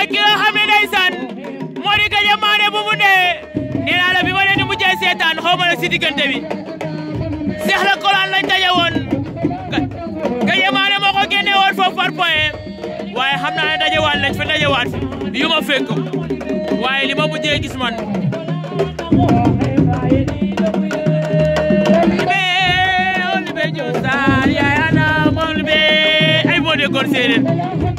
waaye ki nga xam ne ndeysaan moo di Gandia bu mu dee nee naa la bi ma leen di mujjee seetaan xaw ma la si diggante bi Cheikh la Colane lañ daje woon Gandia moo ko génne woon foofu par point waaye xam naa ne dajewaat lañ fa dajewaat yu ma fekk waaye li ma mujjee gis man libee on libee joosa yaay ana moom libee ay moo déggoon séeréer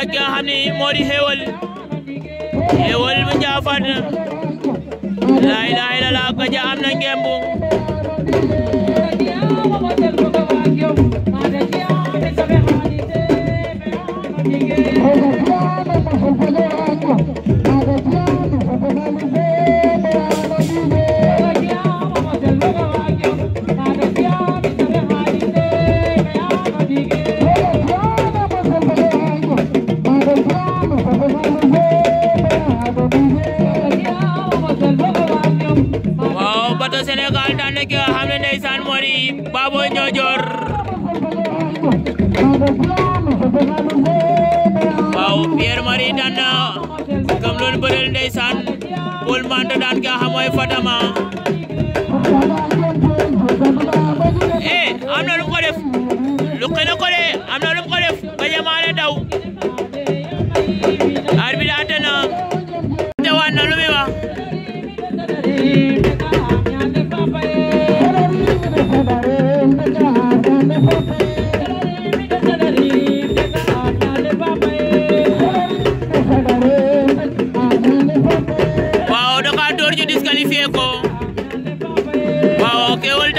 ak ki nga xam moo di xéewal xéewal bu Njaafaan la ilaha illallah ko ja am na ngembu bateau Sénégal daan na ki nga xam ne ndeysaan moo di Baboy Niodior waaw Pierre Marie daan na kam loon bëreel ndeysaan Paul Mande daan ki nga xam mooy Fatama eh am na lu ko def lu xëy na ko de am na lu ko def cable